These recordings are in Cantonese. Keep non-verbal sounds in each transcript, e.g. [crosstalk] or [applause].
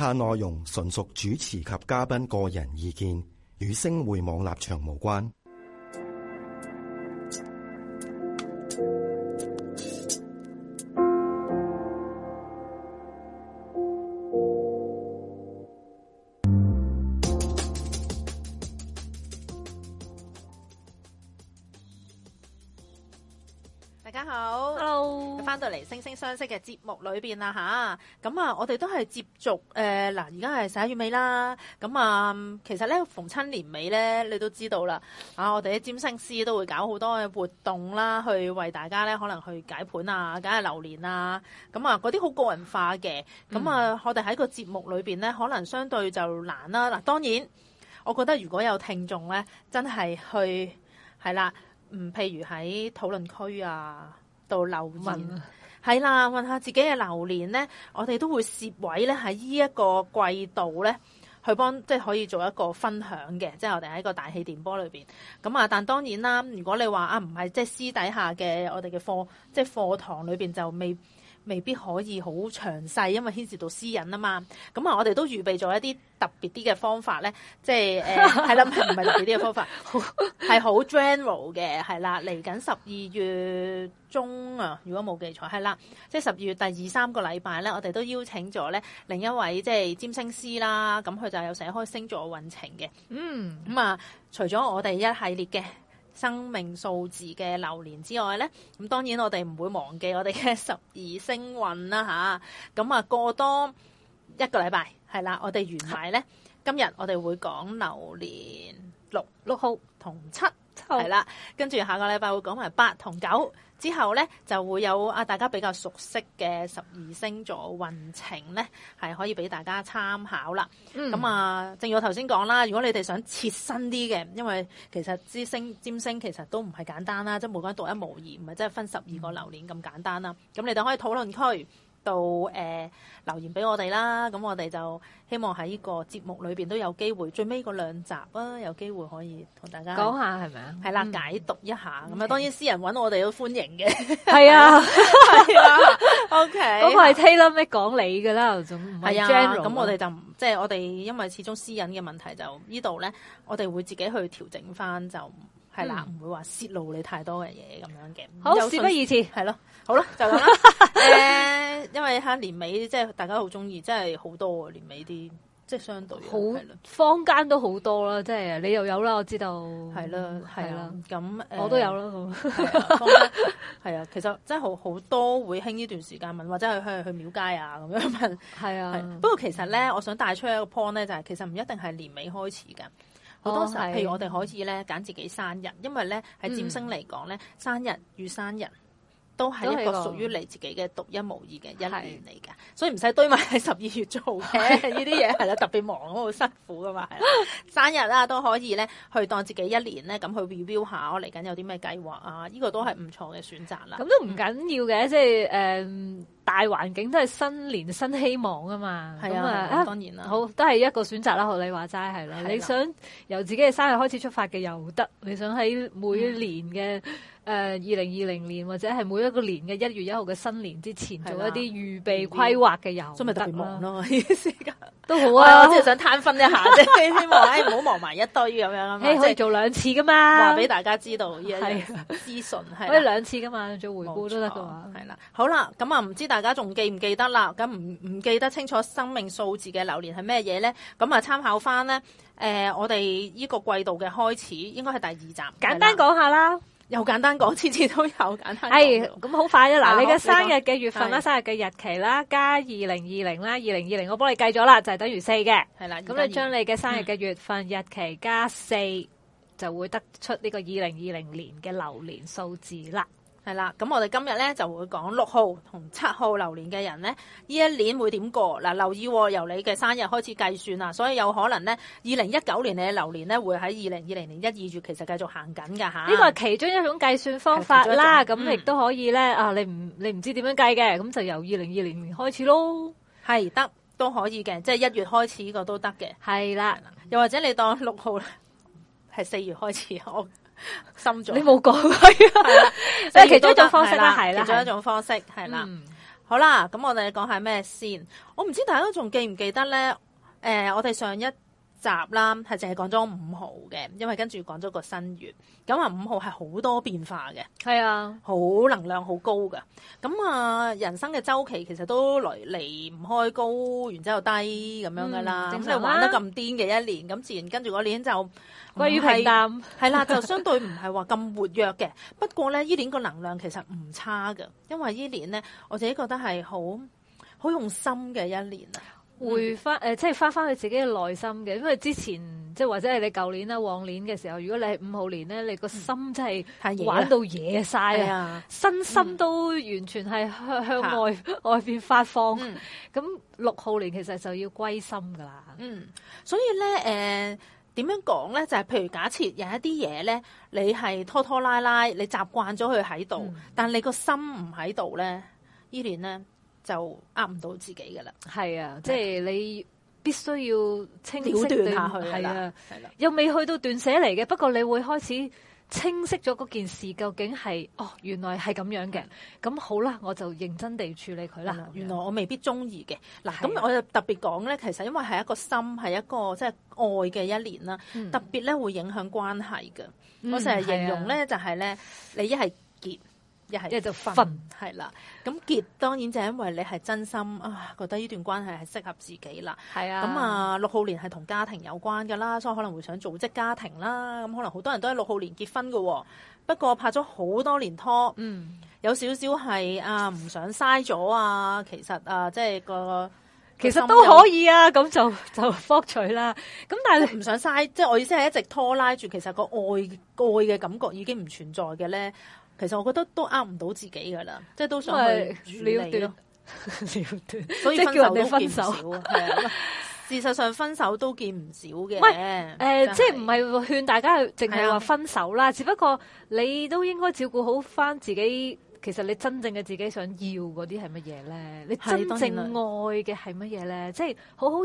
下內容純屬主持及嘉賓個人意見，與星匯網立場無關。嘅節目裏邊啦，吓、啊，咁啊！我哋都係接續誒嗱，而家係十一月尾啦。咁啊，其實咧逢親年尾咧，你都知道啦。啊，我哋啲占星師都會搞好多嘅活動啦，去為大家咧可能去解盤啊，梗係流年啊。咁啊，嗰啲好個人化嘅。咁、嗯、啊，我哋喺個節目裏邊咧，可能相對就難啦。嗱、啊，當然我覺得如果有聽眾咧，真係去係啦，嗯，譬如喺討論區啊度留言。係啦，問下自己嘅流年咧，我哋都會攝位咧喺呢一個季度咧，去幫即係、就是、可以做一個分享嘅，即、就、係、是、我哋喺個大氣電波裏面咁啊，但當然啦，如果你話啊唔係即係私底下嘅我哋嘅課，即、就、係、是、課堂裏面，就未。未必可以好詳細，因為牽涉到私隱啊嘛。咁啊，我哋都預備咗一啲特別啲嘅方法咧，即係誒，係啦，唔係特別啲嘅方法，係好 [laughs] general 嘅，係啦。嚟緊十二月中啊，如果冇記錯係啦，即係十二月第二三個禮拜咧，我哋都邀請咗咧另一位即係占星師啦。咁佢就有寫開星座運程嘅。嗯，咁啊，除咗我哋一系列嘅。生命數字嘅流年之外呢，咁當然我哋唔會忘記我哋嘅十二星運啦吓，咁啊，過多一個禮拜係啦，我哋完埋呢，今日我哋會講流年六六號同七，係啦。跟住下個禮拜會講埋八同九。之後呢，就會有啊，大家比較熟悉嘅十二星座運程呢，係可以俾大家參考啦。咁、嗯、啊，正如我頭先講啦，如果你哋想切身啲嘅，因為其實之星占星其實都唔係簡單啦，即、就、係、是、每個人獨一無二，唔係真係分十二個流年咁簡單啦。咁、嗯、你哋可以討論區，到誒、呃、留言俾我哋啦，咁我哋就希望喺呢個節目裏面都有機會，最尾嗰兩集啊，有機會可以同大家講下係咪啊？係啦、嗯，解讀一下咁啊。Okay. 當然私人揾我哋都歡迎嘅，係、okay. 啊 [laughs] Yeah. [laughs] okay，係啊。O K，嗰個係 Taylor 咩講你㗎啦，總係啊。咁我哋就即係我哋，因為始終私隱嘅問題就，就呢度咧，我哋會自己去調整翻就。係、嗯、啦，唔會話洩露你太多嘅嘢，咁樣嘅。好，事不宜遲，係咯，好啦， [laughs] 就咁啦。誒、 [laughs] uh, 因為吓年尾，即係大家好中意，即係好多年尾啲，即係相對好，坊間都好多啦，即係你又有啦，我知道，係啦，係啦，咁、uh, 我都有啦，咁係啊。其實真係好好多會興呢段時間問，或者去去去廟街啊咁樣問。係啊，不過其實咧，我想帶出一個 point 咧，就係其實唔一定係年尾開始噶。好多時候，哦、譬如我哋可以咧揀自己生日，因為咧喺占星嚟講咧，生日與生日。都係一個屬於你自己嘅獨一無二嘅一年嚟嘅，所以唔使堆埋喺十二月做嘅呢啲嘢，係 [laughs] 啦，特別忙好辛苦噶嘛，係 [laughs] 生日啦、啊、都可以咧，去當自己一年咧咁去 review 一下咯，嚟緊有啲咩計劃啊？呢、這個都係唔錯嘅選擇啦。咁、嗯、都唔緊要嘅，即係誒，大環境都係新年新希望啊嘛。咁啊、嗯嗯，當然啦，好都係一個選擇啦。學你話齋係啦，你想由自己嘅生日開始出發嘅又得，你想喺每年嘅、嗯。誒、呃，二零二零年或者係每一個年嘅一月一號嘅新年之前，做一啲預備規劃嘅游，真係特別忙咯、啊，啲時間都好啊，即係、哦、想攤分一下啫，希望唔好忙埋一堆咁 [laughs] 樣啊，即、hey, 係、就是、做兩次噶嘛，話俾大家知道呢樣資訊係可以兩次噶嘛，做回顧都得噶嘛，係、嗯、啦，好啦，咁啊唔知大家仲記唔記得啦？咁唔唔記得清楚生命數字嘅流年係咩嘢咧？咁啊參考翻咧，誒、呃、我哋呢個季度嘅開始應該係第二集，簡單講下啦。又簡單講，次次都有簡單講。咁、哎、好快啊！嗱、啊，你嘅生日嘅月份啦，生日嘅日期啦，加二零二零啦，二零二零，我幫你計咗啦，就係等於四嘅。係啦，咁你將你嘅生日嘅月份、嗯、日期加四，就會得出呢個二零二零年嘅流年數字啦。係啦，咁我哋今日咧就會講六號同七號流年嘅人咧，呢一年會點過？嗱，留意，哦，由你嘅生日開始計算啦，所以有可能咧，二零一九年你嘅流年咧會喺二零二零年一二月其實繼續行緊㗎。吓。呢個係其中一種計算方法啦，咁亦都可以咧。啊，你唔你唔知點樣計嘅，咁就由二零二零年開始咯，係得都可以嘅，即係一月開始呢個都得嘅。係啦，又或者你當六號係四月開始好深咗，你冇講佢，即係其中一種方式啦，係啦，其中一種方式係啦，嗯。好啦，咁我哋講下咩先說說，我唔知大家都仲記唔記得咧？誒、呃，我哋上一集啦，係淨係講咗五號嘅，因為跟住講咗個新月。咁啊，五號係好多變化嘅，係啊，好能量好高噶。咁啊，人生嘅周期其實都離離唔開高，然之後低咁，嗯、樣噶啦。咁你，啊就是，玩得咁癲嘅一年，咁自然跟住嗰年就歸於平淡。係 [laughs] 啦，就相對唔係話咁活躍嘅。不過咧，呢年個能量其實唔差噶，因為這年呢年咧，我自己覺得係好好用心嘅一年啊。回翻、呃、即係花翻佢自己嘅內心嘅，因為之前即係或者係你舊年啦、往年嘅時候，如果你係五號年咧，你個心真係玩到嘢晒，啊、嗯，身心都完全係向、嗯、向外外邊發放。咁、嗯、六號年其實就要歸心噶啦。嗯，所以咧誒，點、呃、樣講咧？就係、是、譬如假設有一啲嘢咧，你係拖拖拉拉，你習慣咗佢喺度，但你個心唔喺度咧，依年咧。就呃唔到自己嘅啦，係啊，啊，即係你必須要清晰斷下去，係啦、啊，係啦、啊啊，又未去到斷捨離嘅，不過你會開始清晰咗嗰件事究竟係哦，原來係咁樣嘅，咁好啦，我就認真地處理佢啦、啊。原來我未必中意嘅，嗱、啊，咁我就特別講咧，其實因為係一個心，係一個即係、就是、愛嘅一年啦、嗯，特別咧會影響關係嘅。我成日形容咧、啊、就係、是、咧，你一係結。一係就分，係啦。咁結當然就係因為你係真心啊，覺得呢段關係係適合自己啦。係啊。咁啊，六號年係同家庭有關㗎啦，所以可能會想組織家庭啦。咁可能好多人都喺六號年結婚㗎、哦。不過拍咗好多年拖、嗯，有少少係啊，唔想嘥咗啊。其實啊，即係個。其實都可以啊，咁就就福取啦。咁但係你唔想嘥， [laughs] 即係我意思係一直拖拉住，其實個愛愛嘅感覺已經唔存在嘅咧。其實我覺得都呃唔到自己噶啦，即係都想去了斷， [laughs] 了斷。所以分手都叫人哋分手， [laughs] 事實上分手都見唔少嘅。誒、呃，即係唔係勸大家淨淨係話分手啦，只不過你都應該照顧好翻自己。其實你真正嘅自己想要嗰啲係乜嘢咧？你真正愛嘅係乜嘢咧？即係好好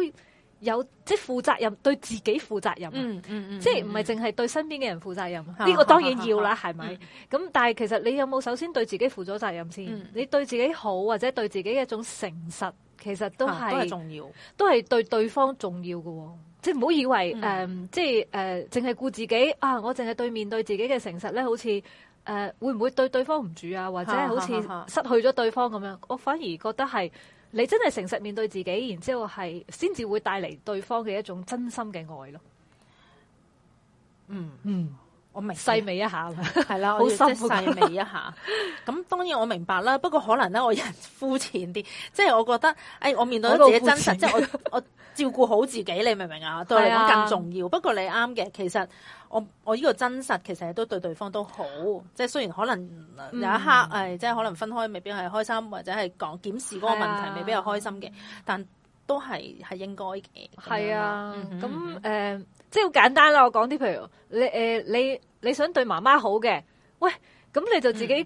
有即係負責任，對自己負責任。嗯嗯嗯、即係唔係淨係對身邊嘅人負責任。呢、嗯個當然要啦，係、嗯、咪？咁、嗯嗯、但係其實你有冇首先對自己負咗責任先、嗯？你對自己好或者對自己一種誠實，其實都係、嗯、都係重要，都係對對方重要嘅。即係唔好以為誒、嗯嗯，即係誒，淨係顧自己啊！我淨係對面對自己嘅誠實咧，好似。誒、呃、會唔會對對方唔住啊？或者好似失去咗對方咁樣， [laughs] 我反而覺得係你真係誠實面對自己，然之後係先至會帶嚟對方嘅一種真心嘅愛咯。嗯嗯。我明細微一， [laughs] 一下，係啦，好深細味一下。咁當然我明白啦， [laughs] 不過可能咧我人膚淺啲，即係我覺得，誒、哎、我面對自己真實，的即係我 [laughs] 我照顧好自己，你明唔明啊？對我嚟講更重要。啊、不過你啱嘅，其實我我呢個真實其實都對對方都好，即係雖然可能有一刻誒、嗯哎，即係可能分開，未必係開心，或者係講檢視嗰個問題，未必係開心嘅、啊，但都係係應該嘅。係啊，咁即係好簡單啦，我講啲譬如你誒你你想對媽媽好嘅，喂咁你就自己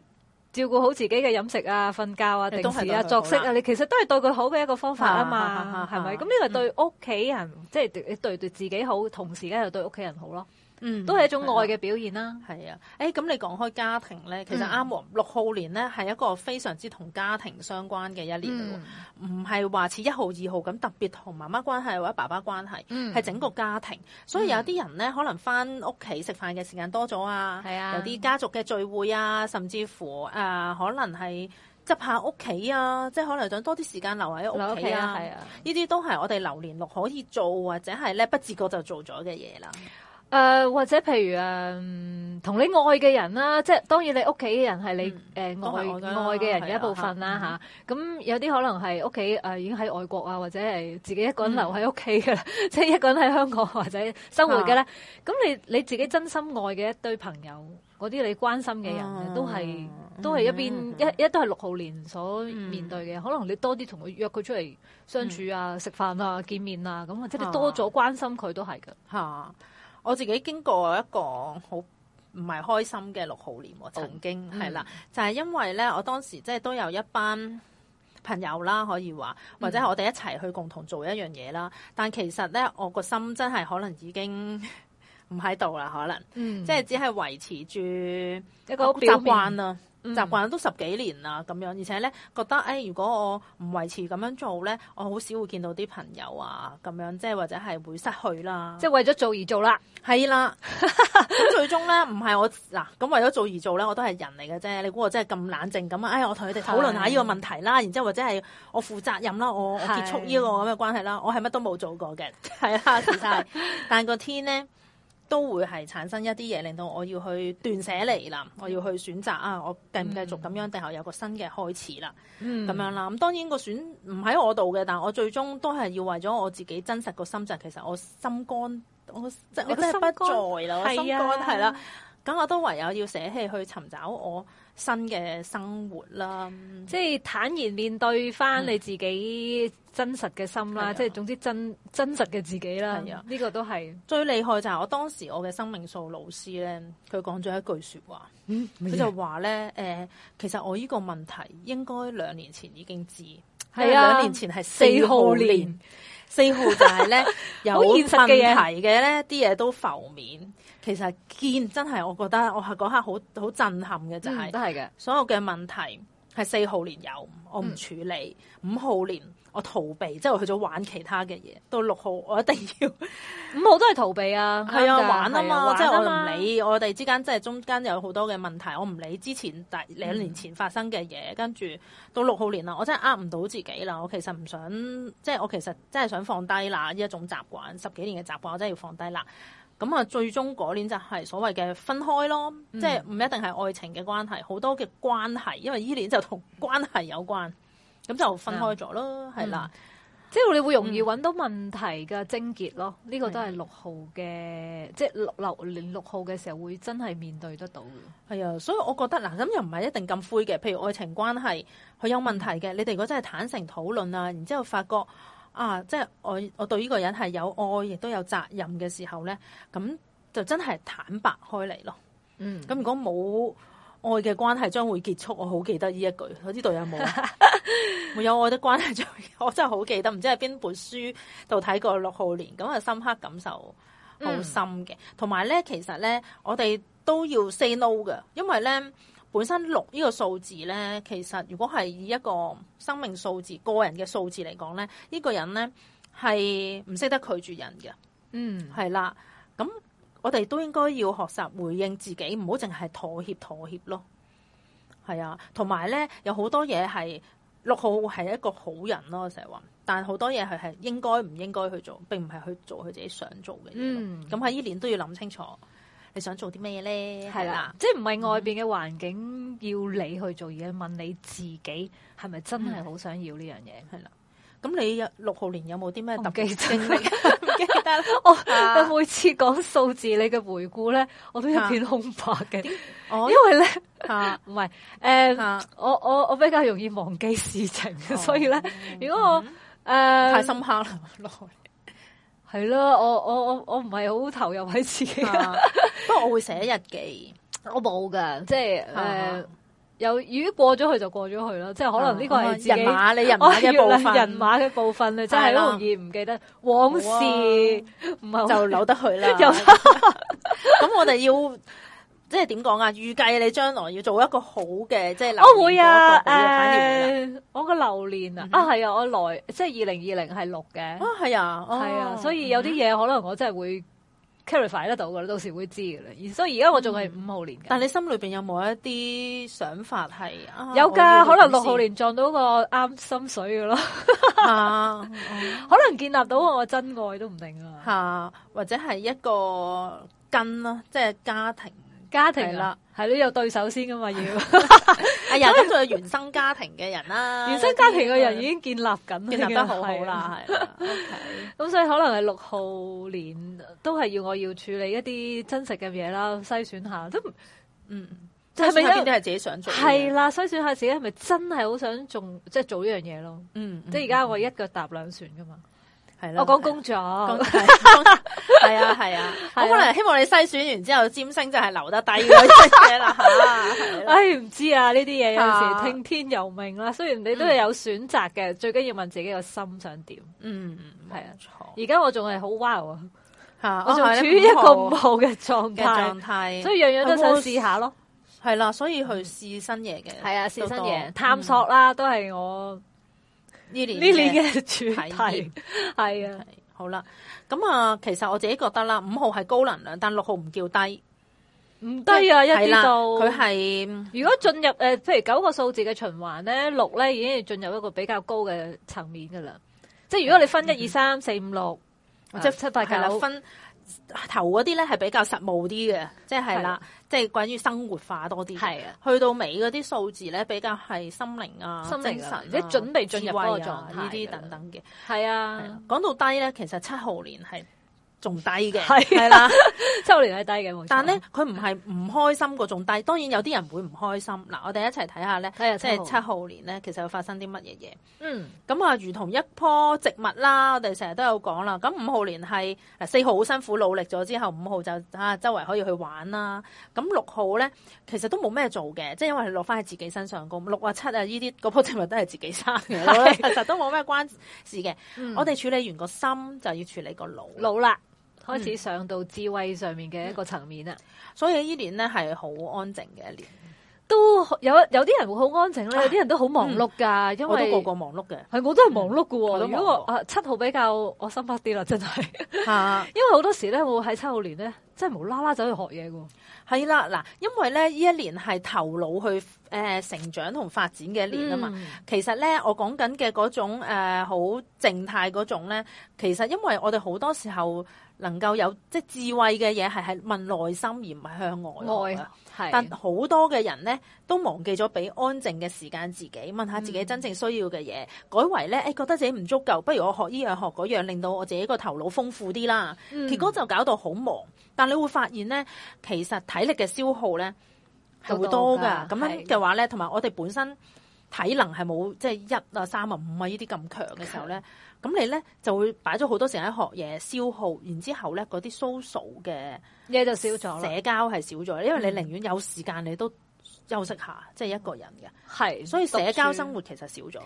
照顧好自己嘅飲食啊、瞓覺啊、定時啊、作息啊，你其實都係對佢好嘅一個方法啊嘛，係咪？咁呢個對屋企人即係對對自己好，同時呢又對屋企人好咯。嗯，都係一種愛嘅表現啦是。係啊，咁、哎、你講開家庭咧，其實啱啱六號年咧係一個非常之同家庭相關嘅一年喎，唔係話似一號二號咁特別同媽媽關係或者爸爸關係，係、嗯、整個家庭。所以有啲人咧、嗯、可能返屋企食飯嘅時間多咗啊，係啊，有啲家族嘅聚會啊，甚至乎誒、呃、可能係執下屋企啊，即係可能想多啲時間留喺屋企啊，係啊，呢啲都係我哋流年六可以做或者係咧不自覺就做咗嘅嘢啦。誒、呃，或者譬如誒，同、嗯、你愛嘅人啦，即、就、係、是、當然你屋企嘅人係你誒、嗯呃、愛的愛嘅人嘅一部分啦，吓。咁、啊嗯、有啲可能係屋企誒已經喺外國啊，或者係自己一個人留喺屋企嘅，即、嗯、係 [laughs] 一個人喺香港或者生活嘅咧。咁、啊、你你自己真心愛嘅一堆朋友，嗰啲你關心嘅人，啊、都係都係一邊、嗯、一一都係六號年所面對嘅、嗯。可能你多啲同佢約佢出嚟相處啊、食、嗯、飯啊、見面啊，咁或者你多咗關心佢都係㗎，吓、啊。啊我自己經過一個好唔係開心嘅六號年，曾經係啦、哦嗯，就係、是、因為咧，我當時即係都有一班朋友啦，可以話，或者係我哋一齊去共同做一樣嘢啦、嗯。但其實咧，我個心真係可能已經唔喺度啦，可能，嗯，即係只係維持住一個習慣咯。習慣都十幾年啦，咁樣，而且咧覺得，誒、哎，如果我唔維持咁樣做咧，我好少會見到啲朋友啊，咁樣，即係或者係會失去啦。即係為咗做而做啦，係啦。咁 [laughs] 最終咧，唔係我嗱，咁為咗做而做咧，我都係人嚟嘅啫。你估我真係咁冷靜咁啊？我同佢哋討論下呢個問題啦，然之後或者係我負責任啦，我結束呢個咁嘅關係啦。我係乜都冇做過嘅，係 [laughs] 啦，其實，但個個天咧。都會係產生一啲嘢，令到我要去斷捨離啦、嗯，我要去選擇啊，我繼唔繼續咁樣，定、嗯、係有個新嘅開始啦，咁、嗯、樣啦。咁當然個選唔喺我度嘅，但係我最終都係要為咗我自己真實個心，就其實我心肝，我即係不在啦，係啊，係啦，咁我都唯有要捨棄去尋找我。新嘅生活啦，即係坦然面對翻你自己真實嘅心啦、嗯，即係總之真、嗯、真實嘅自己啦。係、嗯、啊，呢、這個都係最厲害就係我當時我嘅生命數老師咧，佢講咗一句說話，佢、嗯、就話咧誒，其實我呢個問題應該兩年前已經知。係啊，兩、啊、年前係四，四號年，四號就係咧有現實嘅嘢嘅咧，啲嘢都浮面。 [laughs] 實其實見真係，我覺得我係嗰刻好好震撼嘅，就係，都係嘅，所有嘅問題。係四號年有，我唔處理。嗯。五號年我逃避，即係我去咗玩其他嘅嘢。到六號我一定要，嗯，五號都係逃避啊，係啊玩啊嘛，即係我唔理。我哋之間即係中間有好多嘅問題，我唔理之前兩年前發生嘅嘢。嗯。跟住到六號年啦，我真係呃唔到自己啦。我其實唔想，即係我其實真係想放低啦呢一種習慣，十幾年嘅習慣，我真係要放低啦。咁啊，最終嗰年就係所謂嘅分開咯，嗯、即係唔一定係愛情嘅關係，好、嗯、多嘅關係，因為依年就同關係有關，咁、嗯、就分開咗咯，係、嗯、啦。即係你會容易揾到問題嘅症結咯，呢、嗯這個都係六號嘅，即係六流年六號嘅時候會真係面對得到嘅。係啊，所以我覺得嗱，咁又唔係一定咁灰嘅，譬如愛情關係佢有問題嘅，你哋如果真係坦誠討論啊，然之後發覺。啊！即係我我對呢個人係有愛亦都有責任嘅時候咧，咁就真係坦白開嚟咯。嗯，咁如果冇愛嘅關係將會結束，我好記得呢一句。我知道有冇？ [laughs] 沒有愛的關係，我真係好記得，唔知係邊本書度睇過六號年，咁啊深刻感受好深嘅。同埋咧，其實咧，我哋都要 say no 嘅，因為咧。本身六呢個數字咧，其實如果係以一個生命數字、個人嘅數字嚟講咧，呢個人咧係唔識得拒絕人嘅。嗯，係啦。咁我哋都應該要學習回應自己，唔好淨係妥協妥協咯。係啊，同埋咧，有好多嘢係六號係一個好人咯，成日話。但係好多嘢係係應該唔應該去做，並唔係去做佢自己想做嘅嘢。嗯，咁喺呢年都要諗清楚。你想做啲咩嘢咧？係啦，即係唔係外邊嘅環境要你去做，嘢、嗯、係問你自己係咪真係好想要呢樣嘢？係、嗯、啦。咁你六號年有冇啲咩特別經歷？記得 [laughs] [laughs] [laughs] [laughs] 我每次講數字，你嘅回顧咧，我都一片空白嘅。因為咧，唔係誒，我我我比較容易忘記事情，啊、所以咧，如果我誒、嗯嗯嗯、太深刻了 [laughs] [laughs] 啦，係咯，我我我我唔係好投入喺自己。啊 [laughs] 不過我會寫日記，我冇噶，即係誒、呃，有如果過咗去就過咗去啦，即係可能呢個係、嗯嗯、人馬，你人馬嘅部分，人馬嘅部分你真係好容易唔記得往事，唔係就留得去啦。咁 [laughs] [laughs] [laughs] 我哋要即係點講啊？預計你將來要做一個好嘅，即係、那個、我會啊。誒、那個呃那個，我個流年、嗯、啊，啊係啊，我來即係二零二零係六嘅，啊係啊，係、哦、啊，所以有啲嘢、嗯、可能我真係會。Clarify 得到噶啦，到時會知噶啦。而所以而家我仲係五號年嘅、嗯，但係你心裏邊有冇一啲想法係？有噶、啊，可能六號年撞到個啱心水噶咯、 [laughs] 啊嗯，可能建立到我真愛都唔定啊，或者係一個根咯，即係家庭，家庭啦，係都有對手先噶嘛要。啊 [laughs] 啊、哎！而家仲有原生家庭嘅人啦、啊，原生家庭嘅人已經建立緊，建立得好好啦。咁、啊啊啊 okay、所以可能係六號年都係要我要處理一啲真實嘅嘢啦，篩選下都嗯，即係咪邊啲係自己想做？係啦、啊，篩選下自己係咪真係好想做，即、就、係、係、做呢樣嘢咯。嗯，嗯，即係而家我一腳踏兩船噶嘛。係啦，我講工,工作，係啊係啊，咁可能希望你篩選完之後，占星就係留得低啦吓。唉， [laughs] 唔、哎、知道這些東西啊，呢啲嘢有時聽天由命啦。雖然你都係有選擇嘅、嗯，最緊要問自己個心想點。嗯，係、嗯、啊，錯。而、嗯、家我仲係好 wow，吓我仲處於一個唔好嘅狀嘅狀態，所以樣樣都想試下咯。係啦，所以去試新嘢嘅，係啊，試新嘢探索啦，嗯、都係我。呢年嘅主題係啊，好啦，咁啊，其實我自己覺得啦，五號係高能量，但六號唔叫低，唔低啊，一啲都。佢係如果進入誒、呃，譬如九個數字嘅循環咧，六咧已經係進入一個比較高嘅層面噶啦、嗯。即係如果你分一二三四五六，即係七八九分頭嗰啲咧係比較實務啲嘅，即係啦。即係關於生活化多啲，係啊，去到尾嗰啲數字呢，比較係心靈啊、心靈精神、啊，即係準備進入嗰個狀態，呢啲、啊、等等嘅，係啊。講、啊、到低呢，其實七號年係。仲低嘅係啦， [laughs] 是的 [laughs] 七年係低嘅，但咧佢唔係唔開心過仲低，當然有啲人會唔開心。嗱，我哋一齊睇下咧，即係七號年咧，其實會發生啲乜嘢嘢？嗯，咁啊，如同一棵植物啦，我哋成日都有講啦。咁五號年係四號好辛苦努力咗之後，五號就啊周圍可以去玩啦。咁六號咧，其實都冇咩做嘅，即係因為落翻喺自己身上。咁六啊七啊呢啲個棵植物都係自己生嘅、嗯，其實都冇咩關事嘅、嗯。我哋處理完個心，就要處理個腦腦啦。開始上到智慧上面嘅一個層面啦、嗯，所以呢年咧係好安靜嘅一年都，都有有啲人會好安靜咧，有啲人都好忙碌㗎，啊嗯、因為我都個個忙碌嘅、嗯，係、嗯、我都係忙碌㗎喎。如果啊七號比較我心花啲啦，真係因為好多時咧我喺七號年咧真係無啦啦走去學嘢喎。係啦嗱，因為咧呢一年係頭腦去。誒、呃、成長同發展嘅一年啊嘛、嗯，其實咧我講緊嘅嗰種好靜態嗰種咧，其實因為我哋好多時候能夠有即係智慧嘅嘢係係問內心而唔係向外嘅，但好多嘅人咧都忘記咗俾安靜嘅時間自己問一下自己真正需要嘅嘢、嗯，改為咧誒、哎、覺得自己唔足夠，不如我學依樣學嗰樣，令到我自己個頭腦豐富啲啦。結、嗯、果就搞到好忙，但你會發現咧，其實體力嘅消耗咧，會多噶咁樣嘅話咧，同埋我哋本身體能係冇即係一啊、三啊、五啊呢啲咁強嘅時候咧，咁你咧就會擺咗好多時間學嘢、消耗，然之後咧嗰啲 social 嘅嘢就少咗，社交係少咗，因為你寧願有時間你都休息一下，即、嗯、係、就是、一個人嘅，係，所以社交生活其實少咗。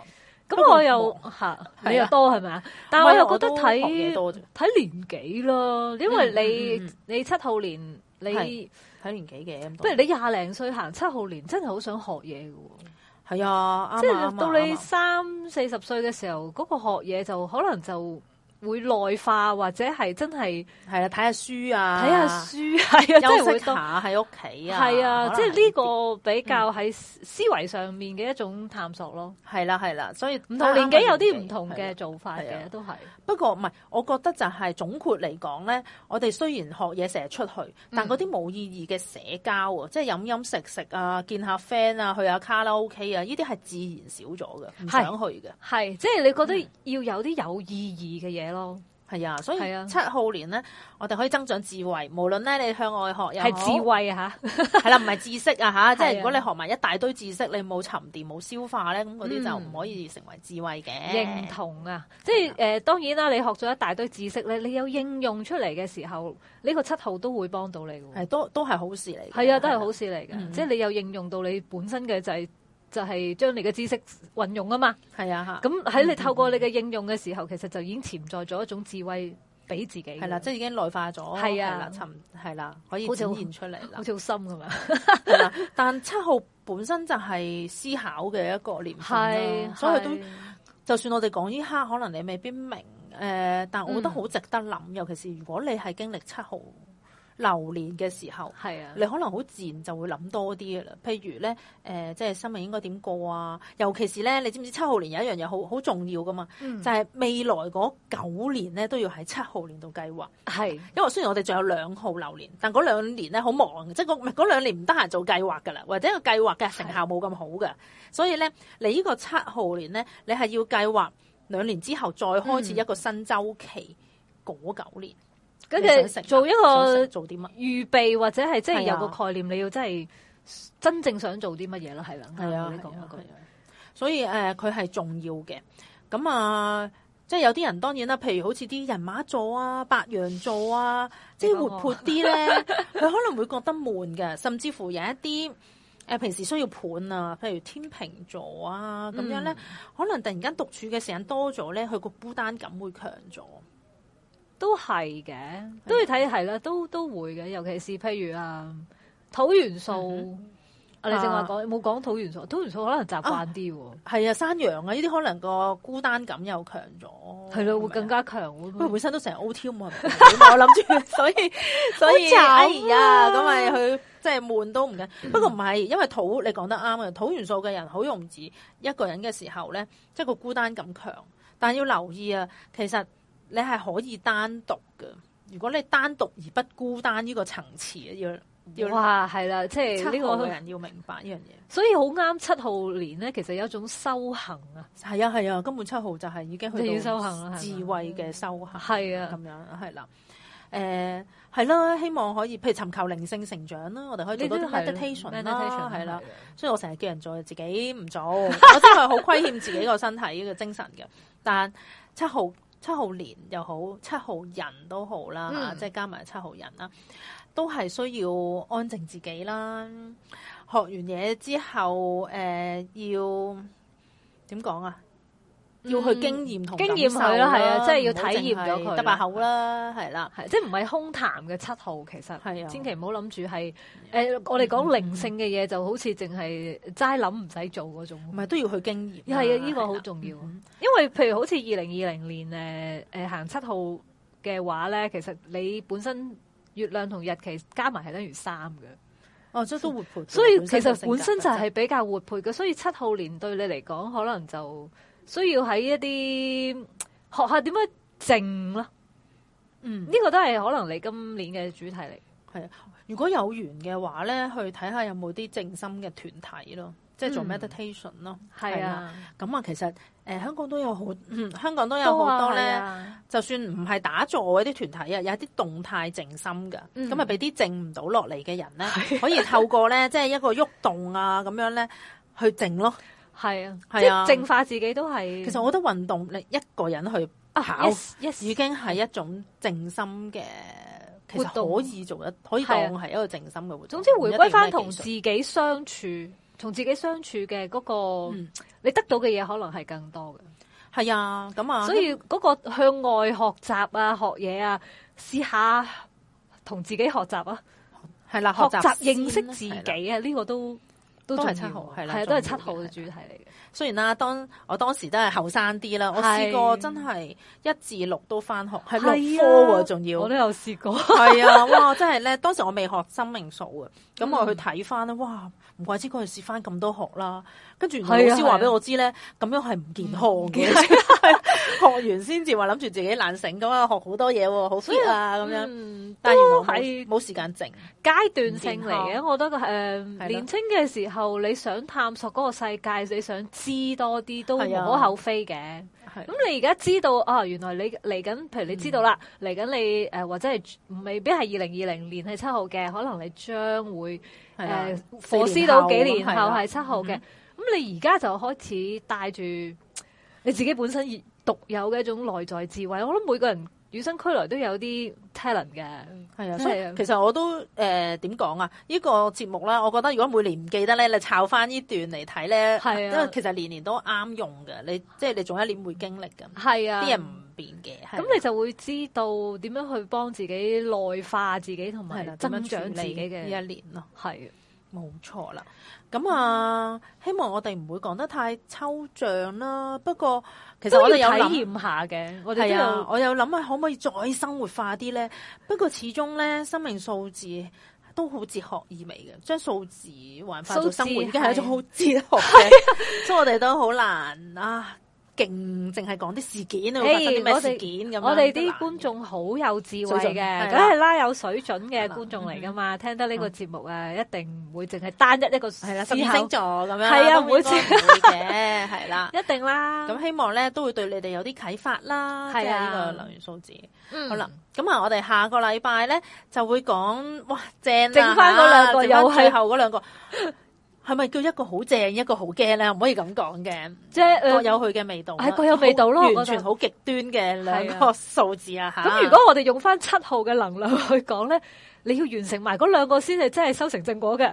咁、嗯、我又吓，係啊，是又多係咪啊？但係我又覺得睇睇年紀咯，因為你、嗯、你七號年你。睇年紀嘅，不如你廿零歲行七號年，真係好想學嘢㗎喎。係、嗯、啊，即係、嗯、到你三四十歲嘅時候，嗰、嗯嗰個學嘢就可能就。會內化或者係真係係啦，睇下書啊，睇下書，係啊，係 [laughs] 休息下喺屋企啊，係啊，即係呢個比較喺思維上面嘅一種探索咯。係啦，係啦，所以唔同年紀有啲唔同嘅做法嘅，都係。不過唔係，我覺得就係、係、總括嚟講咧，我哋雖然學嘢成日出去，嗯、但嗰啲冇意義嘅社交，即係飲飲食食啊，見下 friend 啊，去下卡拉 OK 啊，呢啲係自然少咗嘅，唔想去嘅。係、嗯，即係你覺得要有啲有意義嘅嘢。咯，係啊，所以七號年咧，我哋可以增長智慧，無論咧你向外學又係智慧啊吓，係啦、啊，唔 [laughs] 係知識啊吓，即係如果你學埋一大堆知識，你冇沉澱冇消化咧，咁嗰啲就唔可以成為智慧嘅。、嗯嗯。認同啊，即係誒、呃，當然啦，你學咗一大堆知識咧，你有應用出嚟嘅時候，呢、這個七號都會幫到你嘅。係都都係好事嚟，係啊，都係好事嚟嘅。、嗯，即係你有應用到你本身嘅就係、是。就係、是、將你嘅知識運用啊嘛，係啊，咁喺你透過你嘅應用嘅時候、嗯，其實就已經潛在咗一種智慧俾自己，係啦、啊，即、就、係、是、已經內化咗，係啊，沉係啦，可以展現出嚟啦，好深噶嘛， [laughs] 啊、但七號本身就係思考嘅一個年係、啊，所以都、啊、就算我哋講呢刻，可能你未必明，誒、呃，但我覺得好值得諗、嗯，尤其是如果你係經歷七號。流年嘅時候，係啊，你可能好自然就會諗多啲嘅啦。譬如咧，誒、呃，即係生命應該點過啊？尤其是咧，你知唔知七號年有一樣嘢好好重要噶嘛？嗯、就係、是、未來嗰九年咧，都要喺七號年度計劃。係，因為雖然我哋仲有兩號流年，但嗰兩年咧好忙，即係嗰兩年唔得閒做計劃噶啦，或者個計劃嘅成效冇咁好㗎。所以咧，你呢個七號年咧，你係要計劃兩年之後再開始一個新周期嗰九、嗯、年。跟住做一個預做啲乜預備或者係即係有個概念，啊、你要真係真正想做啲乜嘢啦，係啦。係啊，這個啊，這個、啊，啊，所以誒，佢、呃、係重要嘅。咁啊，即、呃、係、就是、有啲人當然啦，譬如好似啲人馬座啊、白羊座啊，即係活潑啲咧，佢 [laughs] 可能會覺得悶嘅。甚至乎有一啲誒、呃，平時需要盤啊，譬如天秤座啊，咁樣咧、嗯，可能突然間獨處嘅時間多咗咧，佢個孤單感會強咗。都係嘅，都要睇係啦，都都會嘅。尤其是譬如啊，土元素，嗯嗯你啊你正話講冇講土元素，土元素可能習慣啲喎。係啊是，山羊啊，呢啲可能個孤單感又強咗，係咯，會更加強。佢本身都成日 O T，我諗住，所以 [laughs] 所以啊哎啊咁咪去即係悶都唔緊。不過唔係，因為土你講得啱啊，土元素嘅人好用字，一個人嘅時候咧，即係個孤單感強，但係要留意啊，其實。你係可以單獨嘅，如果你單獨而不孤單呢個層次啊，要，要哇係啦，即係七號嘅人要明白呢樣嘢。所以好啱七號年咧，其實有一種修行啊，係啊係啊，根本七號就係已經去到修行、啊、智慧嘅修行係、嗯、啊，咁樣係啦，誒係啦，希望可以譬如尋求靈性成長啦，我哋可以做多啲 meditation 啦，係啦、啊啊，所以我成日叫人做，自己唔做， [laughs] 我真係好虧欠自己個身體，呢 [laughs] 個精神嘅，但七號。七號年又好，七號人都好啦、嗯，即係加埋七號人啦，都係需要安靜自己啦。學完嘢之後，呃、要點講啊？要去經驗同經驗佢啦。係啊，即係要體驗咗佢，得把口啦，係啦，係即係唔係空談嘅七號，其實千祈唔好諗住係誒，我哋講靈性嘅嘢，就好似淨係齋諗唔使做嗰種，唔係，都要去經驗。係啊，呢、這個好重要。因為譬如好似二零二零年誒誒、呃呃、行七號嘅話咧，其實你本身月亮同日期加埋係等於三嘅。哦，真都活潑，所以其實本身就係比較活潑嘅，所以七號年對你嚟講可能就。需要喺一啲學一下點樣靜咯，嗯，呢、這個都係可能你今年嘅主題嚟。係啊，如果有緣嘅話咧，去睇下有冇啲靜心嘅團體咯，即係做 meditation 咯。係、嗯、啊，咁啊，其實誒香港都有好，香港都有好、嗯、多咧，就算唔係打坐嗰啲團體啊，有啲動態靜心嘅，咁啊俾啲靜唔到落嚟嘅人咧，可以透過咧 [laughs] 即係一個喐動，動啊咁樣咧去靜咯。係啊,啊，即係淨化自己都係。其實我覺得運動你一個人去跑，啊、yes, yes, 已經係一種靜心嘅活動，其實可以做得，可以當係一個靜心嘅活動、啊。總之回歸翻同自己相處，同自己相處嘅嗰、那個、嗯、你得到嘅嘢可能係更多嘅。係啊，咁啊，所以嗰個向外學習啊，學嘢啊，試下同自己學習啊，係啦、啊，學習認識自己啊，呢、啊這個都。都係七號係啦，係都係七號嘅主題嚟嘅。雖然啦，當我當時都係後生啲啦，我試過真係一至六都翻學，係六科係啊，仲要我都有試過。係啊、 [laughs] 嗯，哇！真係咧，當時我未學生命數啊！咁我去睇翻咧，哇！唔怪之佢去試翻咁多學啦。跟住老師話俾我知咧，咁樣係唔健康嘅。學完先至話諗住自己懶醒咁啊，學好多嘢，好叻啊！咁樣，嗯、但都係冇時間靜，階段性嚟嘅。我覺得誒，呃、年輕嘅時候你想探索嗰個世界，你想知多啲都無可厚非嘅。咁你而家知道啊，原來你嚟緊，譬如你知道啦，嚟、嗯、緊你誒，或者係未必係二零二零年係七號嘅，可能你將會誒，火師、呃、到幾年後係七號嘅。咁、嗯嗯、你而家就開始帶住你自己本身。嗯獨有嘅一種內在智慧，我諗每個人與生俱來都有啲 talent 嘅，係啊，所以其實我都誒點講啊？呃、呢、呢個節目咧，我覺得如果每年唔記得咧，你抄翻呢段嚟睇咧，因為其實年年都啱用嘅，你即係你仲有一年會經歷嘅，係啊，啲人唔變嘅，咁你就會知道點樣去幫自己內化自己同埋增長自己嘅呢一年咯，係。冇錯啦，咁啊，希望我哋唔會講得太抽象啦。不過其實我哋有體驗下嘅，我哋啊，我又諗下可唔可以再生活化啲咧？不過始終咧，生命數字都好哲學意味嘅，將數字還化到生活，已經係一種好哲學嘅， [laughs] 所以我哋都好難啊。勁淨係講啲事件，我哋咩事件，咁我哋啲觀眾好有智慧嘅，梗係啦，有水準嘅觀眾嚟噶嘛？聽得呢個節目啊、嗯，一定唔會淨係單一一個係啦，星座咁樣？係啊，唔會嘅，係啦， [laughs] 一定啦。咁希望咧都會對你哋有啲啟發啦。係啊，呢、就是、個流年數字、嗯。好啦，咁啊，我哋下個禮拜咧就會講哇，正整翻嗰兩個，有翻最後嗰兩個。 [laughs] 係咪叫一個好正一個好驚咧？唔可以咁講嘅，即係各有佢嘅味道，係各有味道咯。完全好極端嘅兩個數字啊！吓，咁如果我哋用翻七號嘅能量去講咧，你要完成埋嗰兩個先係真係修成正果嘅。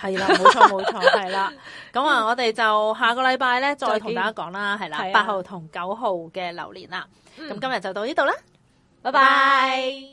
係啦，冇錯冇錯，係啦。咁啊，我哋就下個禮拜咧再同大家講啦，係啦，八號同九號嘅流年啦。咁今日就到呢度啦，拜拜。